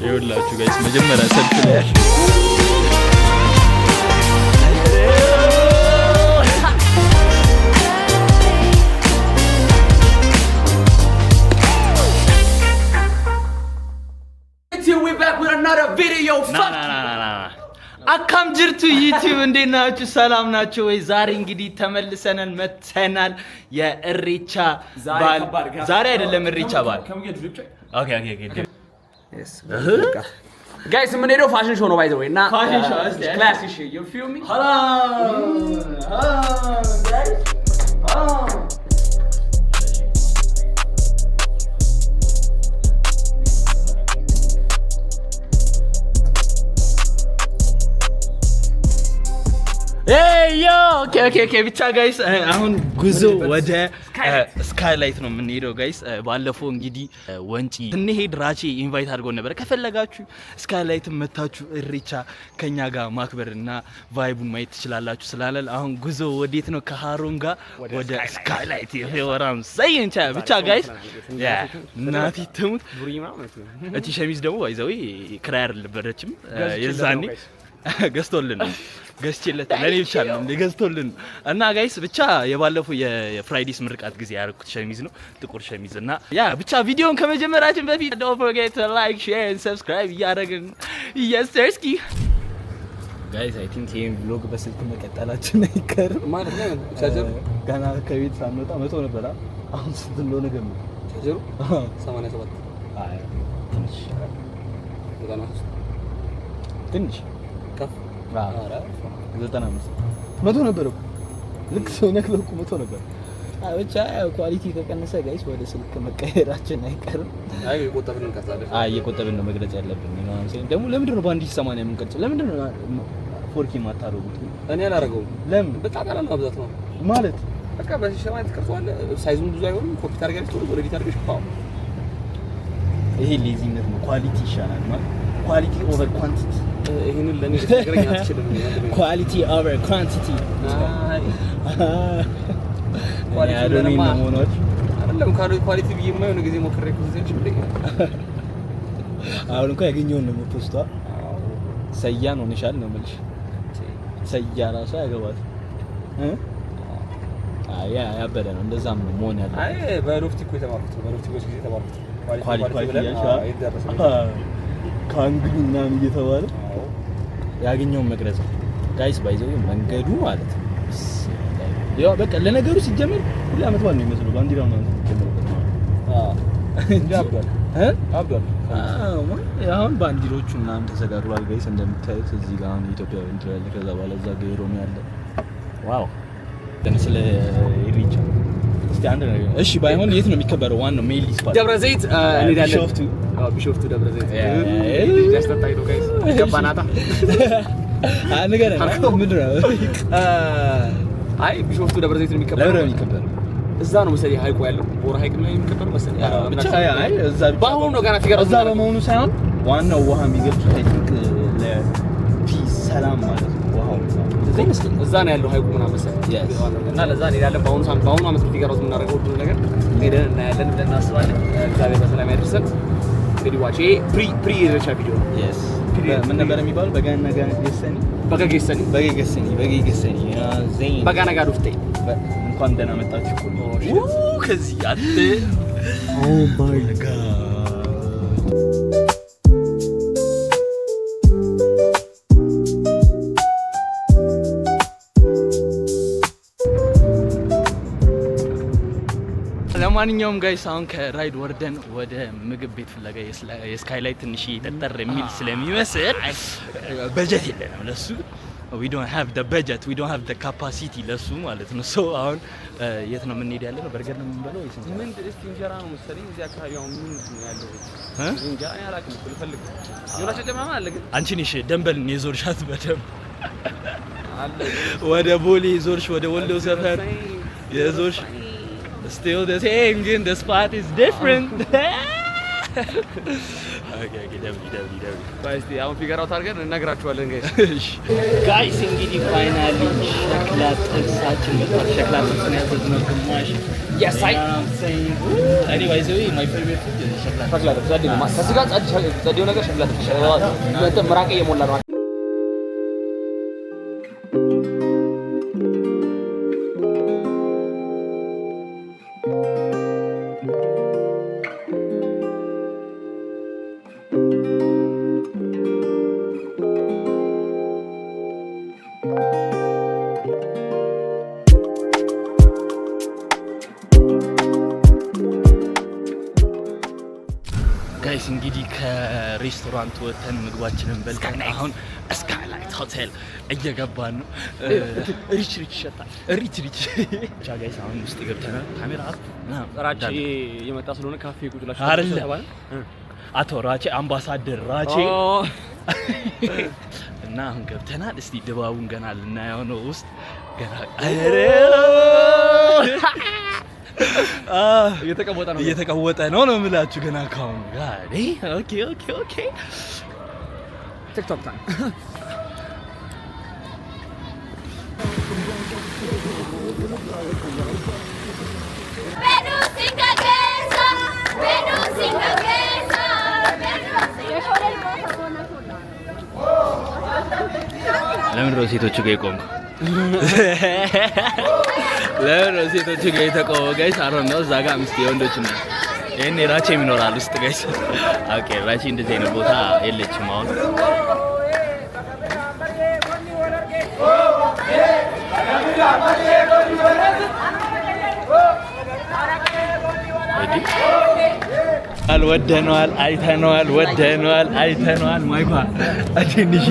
ይኸውላችሁ ጋይስ መጀመሪያ ሰልፍ ላይ ያለ አካም ጅርቱ ዩቲዩብ እንዴት ናችሁ? ሰላም ናችሁ ወይ? ዛሬ እንግዲህ ተመልሰናል መተናል። የእሬቻ በዓል ዛሬ አይደለም፣ እሬቻ በዓል Yes. Uh-huh. Guys, the Monero fashion show, no, by the way. Not fashion uh, show, that's that. Classy shit, you feel me? Hello! Hey! ኦኬ ብቻ ጋይስ፣ አሁን ጉዞ ወደ ስካይላይት ነው የምንሄደው ጋይስ። ባለፈው እንግዲህ ወንጪ ስንሄድ ራቼ ኢንቫይት አድርጎን ነበረ። ከፈለጋችሁ ስካይላይት መታችሁ እሬቻ ከኛ ጋር ማክበርና ቫይቡን ማየት ትችላላችሁ ስላለን፣ አሁን ጉዞ ወዴት ነው? ከሃሮን ጋር ወደ ስካይላይት ወራም ሰይን ብቻ ጋይስ። እናቴ ትሙት እቺ ሸሚዝ ደግሞ ይዘው ክራይ አልነበረችም የዛኔ ገዝቶልን ነው ገዝቼለት ለእኔ ብቻ ነው ገዝቶልን ነው። እና ጋይስ ብቻ የባለፉ የፍራይዲስ ምርቃት ጊዜ ያደረኩት ሸሚዝ ነው፣ ጥቁር ሸሚዝ እና ያ ብቻ ቪዲዮን ከመጀመራችን በፊት ዶንት ፎርጌት ላይክ ሼር ኤንድ ሰብስክራይብ እያደረግን እያስተርስኪ ጋይስ አይ ቲንክ ይሄን ቪሎግ በስልክ መቀጠላችን አይቀርም ማለት ነው። ቻርጀሩ ገና ከቤት ሳንወጣ መቶ ነበር አሁን ስንት እንደሆነ ገም ቻርጀሩ 87 አይ ትንሽ ትንሽ ዘጠና አምስት መቶ ነበር እኮ ልክ ሰው ነክለው እኮ መቶ ነበር። ብቻ ኳሊቲ ከቀነሰ ጋይስ ወደ ስልክ መቀየራችን አይቀርም። አይ እየቆጠብን ነው መግለጽ ያለብን ደግሞ። ለምንድን ነው በአንድ ሺህ ሰማንያ የምንቀርጸው? ለምንድን ነው ፎርኬ የማታደርጉት? እኔ አላደርገውም። ለምን? በጣም ነው። አብዛት ነው ማለት በቃ በሺህ ሰማንያ ትቀርጸዋለህ። ሳይዙም ብዙ አይሆንም። ኮፒ ታደርጋለች ወደ ቤት አድርገሽ ፓው። ይሄ ሌዚነት ነው። ኳሊቲ ይሻላል ማለት ኳሊቲ ኦቨር ኳንቲቲ ይሄንን ለኔ ልትነግረኝ አትችልም። ኳሊቲ ኦቨር ኳንቲቲ ኳሊቲ ብዬ ጊዜ ሞክሬ አሁን እንኳ ያገኘውን ነው የምትወስቷ። ሰያ ነው ንሻል ነው የምልሽ። ሰያ ራሷ ያገባት ያበደ ነው። እንደዛም ነው መሆን ያለው። አይ እኮ የተማርኩት እኮ ጊዜ የተማርኩት ኳሊቲ ኳሊቲ ያሻ እየተባለ ያገኘውን መቅረጽ ጋይስ። ባይዘው መንገዱ ማለት ነው። ያው በቃ ለነገሩ ሲጀምር ሁሌ አመት በዓል ነው የሚመስለው ባንዲራ ማለት አሁን ባንዲሮቹ ምናምን ተሰጋግሯል ጋይስ እንደምታዩት እዚህ ጋር አሁን ኢትዮጵያ ባንዲራ አለ። ከዛ በኋላ እዛ ጋር የኦሮሚያ ያለ። ዋው ስለ ኢሪቻ እስቲ አንድ ነገር እሺ፣ ባይሆን የት ነው የሚከበረው? ዋናው ሜይል ይስፋል። ደብረ ዘይት እንሄዳለን። ቢሾፍቱ፣ ቢሾፍቱ ደብረ ዘይት ገባናታ ንገረን። ምንድን ነው? አይ ቢሾፍቱ ደብረ ዘይት ነው የሚከበር እዛ ነው መሰለኝ ሀይቁ ያለው ቦር ሀይቅ ነው የሚከበር መሰለኝ። በአሁኑ ነው ገና ትገራ እዛ በመሆኑ ሳይሆን ዋናው ውሃ የሚገልጹት ሰላም ማለት ነው። እዛ ነው ያለው ሀይቁ ምናምን መሰለኝ እና ለዛ እንሄዳለን። በአሁኑ ሳምንት በአሁኑ ዓመት ትገራ የምናደርገው ሁሉ ነገር ሄደን እናያለን ብለን እናስባለን። እግዚአብሔር በሰላም ያደርሰን። እንግዲህ ዋቼ ፕሪ ፕሪ የደረሻ ቪዲዮ ነው ምን ነበር የሚባለው? ገሰኒ ገሰኒ ገሰኒ ገሰኒ ዘይን ጋር ውፍጤ እንኳን ደህና መጣችሁ። ከዚህ አለ ኦ ማይ ጋድ ለማንኛውም ጋይስ አሁን ከራይድ ወርደን ወደ ምግብ ቤት ፍለጋ የስካይላይት ትንሽ ጠጠር የሚል ስለሚመስል በጀት የለንም ለሱ ዊ ዶንት ሃቭ ደ በጀት ዊ ዶንት ሃቭ ደ ካፓሲቲ ለሱ ማለት ነው። ሶ አሁን የት ነው የምንሄድ ያለ ነው? በርገር ነው የምንበለው ወይስ ምን? እስቲ እንጀራ ነው መሰለኝ። እዚህ አካባቢ አሁን ምን ነው ያለው? እንጀራ ያላቅም ልፈልግ ዮናስ ደማማ አለ ግን አንቺ ነሽ ደንበልን የዞርሻት በደምብ ወደ ቦሌ ዞርሽ፣ ወደ ወሎ ሰፈር የዞርሽ still the same. Again, the spot is different. አሁን ፊገር አውት አድርገን እነግራችኋለን። ጋይስ ጋይስ እንግዲህ ፋይናሊ ሸክላ ጥብሳችን መጥቷል። ሸክላ ጥብስ ነው ያዘዝነው ግማሽ የሳይ እኔ ባይ ዘ ወይ ማይ ፌቨሪት ሸክላ ጥብስ ዛዴ ነው ከዚህ ጋር ዛዴ ነገር ሸክላ ጥብስ መራቅ እየሞላ ነው ጋይስ እንግዲህ ከሬስቶራንት ወተን ምግባችንን በልተን አሁን ስካይላይት ሆቴል እየገባን ነው። ሪች ሪች ይሸጣል። ሪች ሪች ብቻ ጋይስ አሁን ውስጥ ገብተናል። ካሜራ ራቼ የመጣ ስለሆነ ካፌ ቁጭ ብላችሁ አይደለ? አቶ ራቼ አምባሳደር ራቼ እና አሁን ገብተናል። እስቲ ድባቡን ገና ልናየው ነው ውስጥ ገና Ah, እየተቀወጠ ነው እየተቀወጠ ነው ነው የምላችሁ ገና ካሁን ጋር ኦኬ ኦኬ ኦኬ ቲክቶክ ታይም ለምንድን ነው ሴቶቹ ጋር የቆምኩ? ለሴቶች ጋ የተቆወ ጋይስ አሮ ነው። እዛ ጋ አምስት የወንዶች ና ይህን ራቼ የሚኖራል ውስጥ ጋይስ ኦኬ። ራቼ እንደዚህ አይነት ቦታ የለችም አሁን ወደነዋል፣ አይተነዋል፣ ወደነዋል፣ አይተነዋል ማይኳ አቴንሽሊ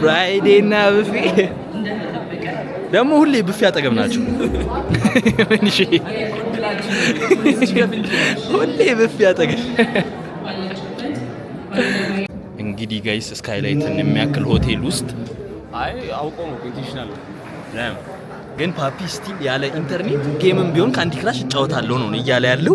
ፍራይዴ እና ብፌ ደግሞ ሁሌ ብፌ አጠገብ ናቸው። ሁሌ ብፌ አጠገብ እንግዲህ ጋይስ ስካይላይትን የሚያክል ሆቴል ውስጥ ግን ፓፒ ስቲል ያለ ኢንተርኔት ጌምም ቢሆን ከአንዲ ክራሽ እጫወታለሁ ነው እያለ ያለው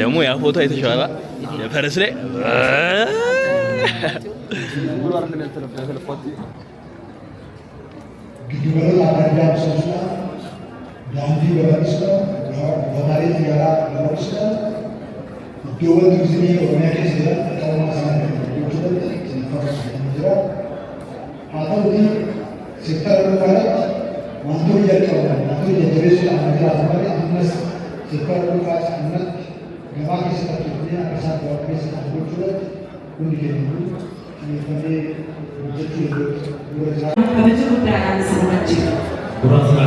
ደግሞ ያ ፎቶ አይተሽዋል የፈረስ ላይ ሲጠሩ ማለት አንዱ እየጨው አንዱ እየደረሱ አመት አመት ሲጠሩ ማለት ክቡራትና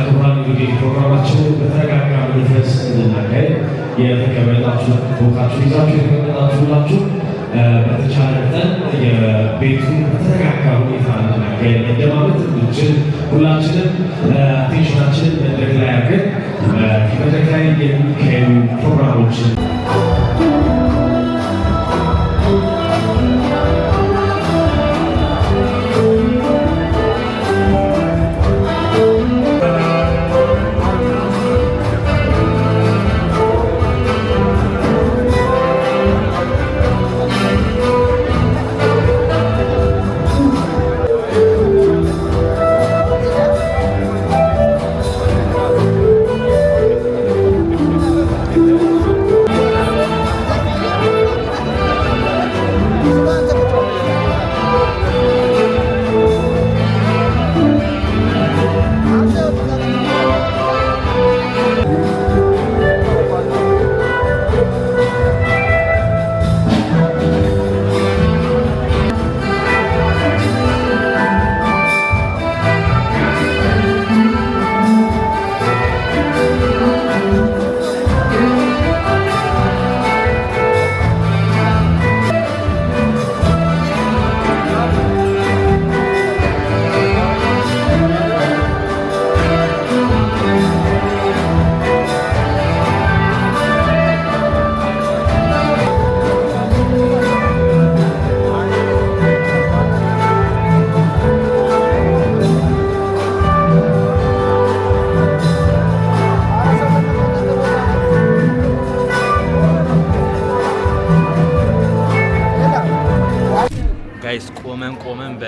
ክቡራን እንግዲህ ፕሮግራማችን በተረጋጋ መንፈስ እንድናካሄድ የተቀመጣችሁ ቦታችሁ ይዛችሁ የተቀመጣችሁላችሁ በተቻለ መጠን የቤቱ በተረጋጋ ሁኔታ እንድናካሄድ እንደማለት እንድንችል ሁላችንም አቴንሽናችንን መድረክ ላይ አድርገን ከመድረክ ላይ የሚካሄዱ ፕሮግራሞችን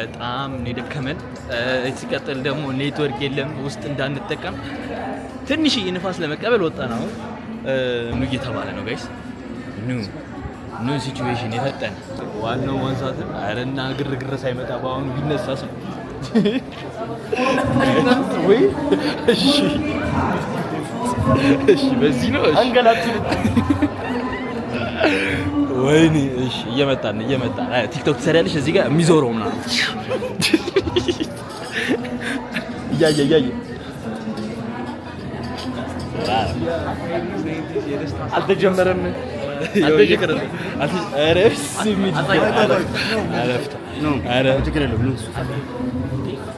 በጣም የደከመን። ሲቀጥል ደግሞ ኔትወርክ የለም፣ ውስጥ እንዳንጠቀም ትንሽ ንፋስ ለመቀበል ወጣ ነው። ኑ እየተባለ ነው ጋይስ። ኑ ኑ ሲቹዌሽን የፈጠን ዋናው ዋንሳት አረና ግርግር ሳይመጣ በአሁኑ ቢነሳ ሰው ወይ እሺ፣ እሺ፣ በዚህ ነው። እሺ ወይኔ እሺ፣ እየመጣን እየመጣን። ቲክቶክ ትሰሪያለሽ? እዚህ ጋር የሚዞረው ምናምን እያየ እያየ አልተጀመረም።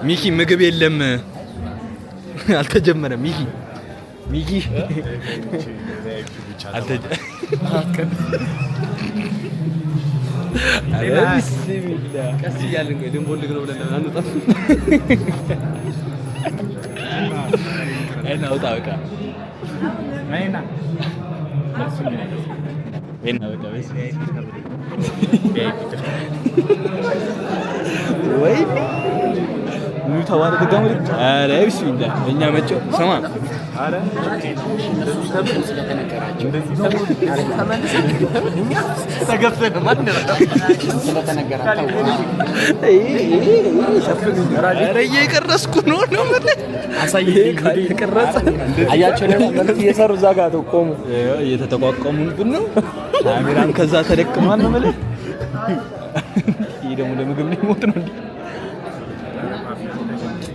ሚኪ ምግብ የለም፣ አልተጀመረም። ሚኪ ሚኪ ቀስ እያልን ድንቦልግ ነው ብለን አንወጣም። እናውጣ በቃ ወይ ኑ ተባለ ድጋሚ ኧረ ቢስሚላህ እኛ መቼው ስማ እየቀረስኩ ነው ነው ተቀረጸ አያቸው መልክ እየሰሩ እዛ ጋ ተቆሙ እየተጠቋቋሙብን ነው ካሜራን ከዛ ተደቅሟል ነው የምልህ ይህ ደግሞ ለምግብ ነው የሞት ነው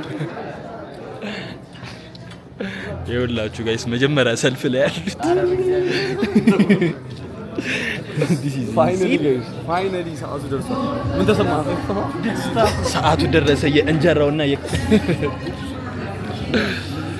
ይኸውላችሁ ጋይስ መጀመሪያ ሰልፍ ላይ ያሉት ሰዓቱ ደረሰ። የእንጀራውና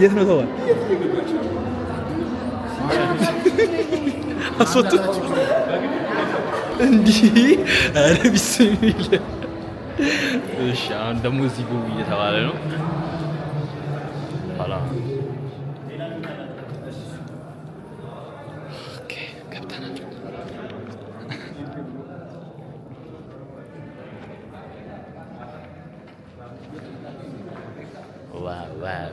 የት ነው ተባለ? አስወጡት እንዲህ ኧረ ቢስሚል። እሺ አሁን ደግሞ እዚህ ግቡ እየተባለ ነው።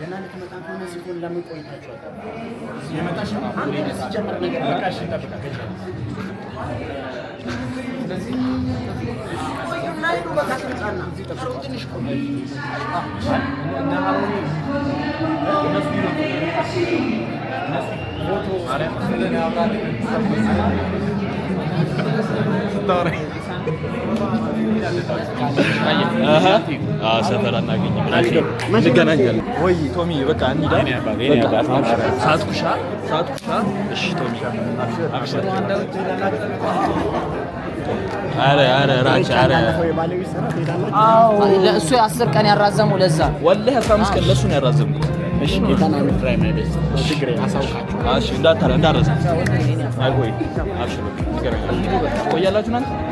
ገና ልትመጣ ከሆነ እዚህ ሆን ለምን ቆይታችሁ? ሲጀመር ነገር ሰፈር አናገኝም፣ እንገናኛለን ወይ ቶሚ በቃ ኩሻ ሰዓት ኩሻ። እሺ ቶሚ አረ አረ ራች አረ እሱ አስር ቀን ያራዘሙ ለዛ ወላሂ አስራ አምስት ቀን ለእሱ ነው ያራዘመው። እሺ እንዳታረ እንዳረዘ አይ ወይ አብሽር ቆያላችሁ እናንተ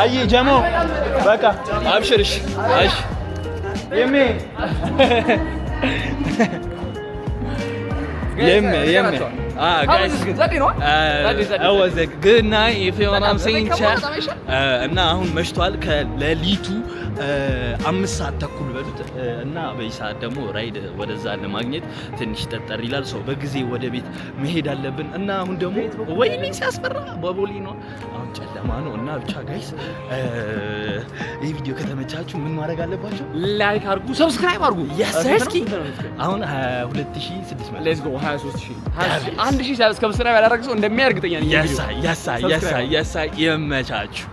አይ ጀሞ በቃ አብሽርሽ አሽ የሜ የሜ የሜ ግና ኢፍ ዩ ኖ አም ሴይንግ እና አሁን መሽቷል ከሌሊቱ አምስት ሰዓት ተኩል በሉት እና በዚህ ሰዓት ደግሞ ራይድ ወደዛ ለማግኘት ትንሽ ጠጠር ይላል። ሰው በጊዜ ወደ ቤት መሄድ አለብን እና አሁን ደግሞ ወይኔ ሲያስፈራ በቦሌ ነው አሁን ጨለማ ነው እና ብቻ ጋይስ ይህ ቪዲዮ ከተመቻችሁ ምን ማድረግ አለባቸው? ላይክ አድርጉ፣ ሰብስክራይብ አድርጉ። እስኪ አሁን 22600 ሺህ ሰብስክራይብ ያላደረግ ሰው እንደሚያርግጠኛል። ያሳ ያሳ ያሳ ይመቻችሁ።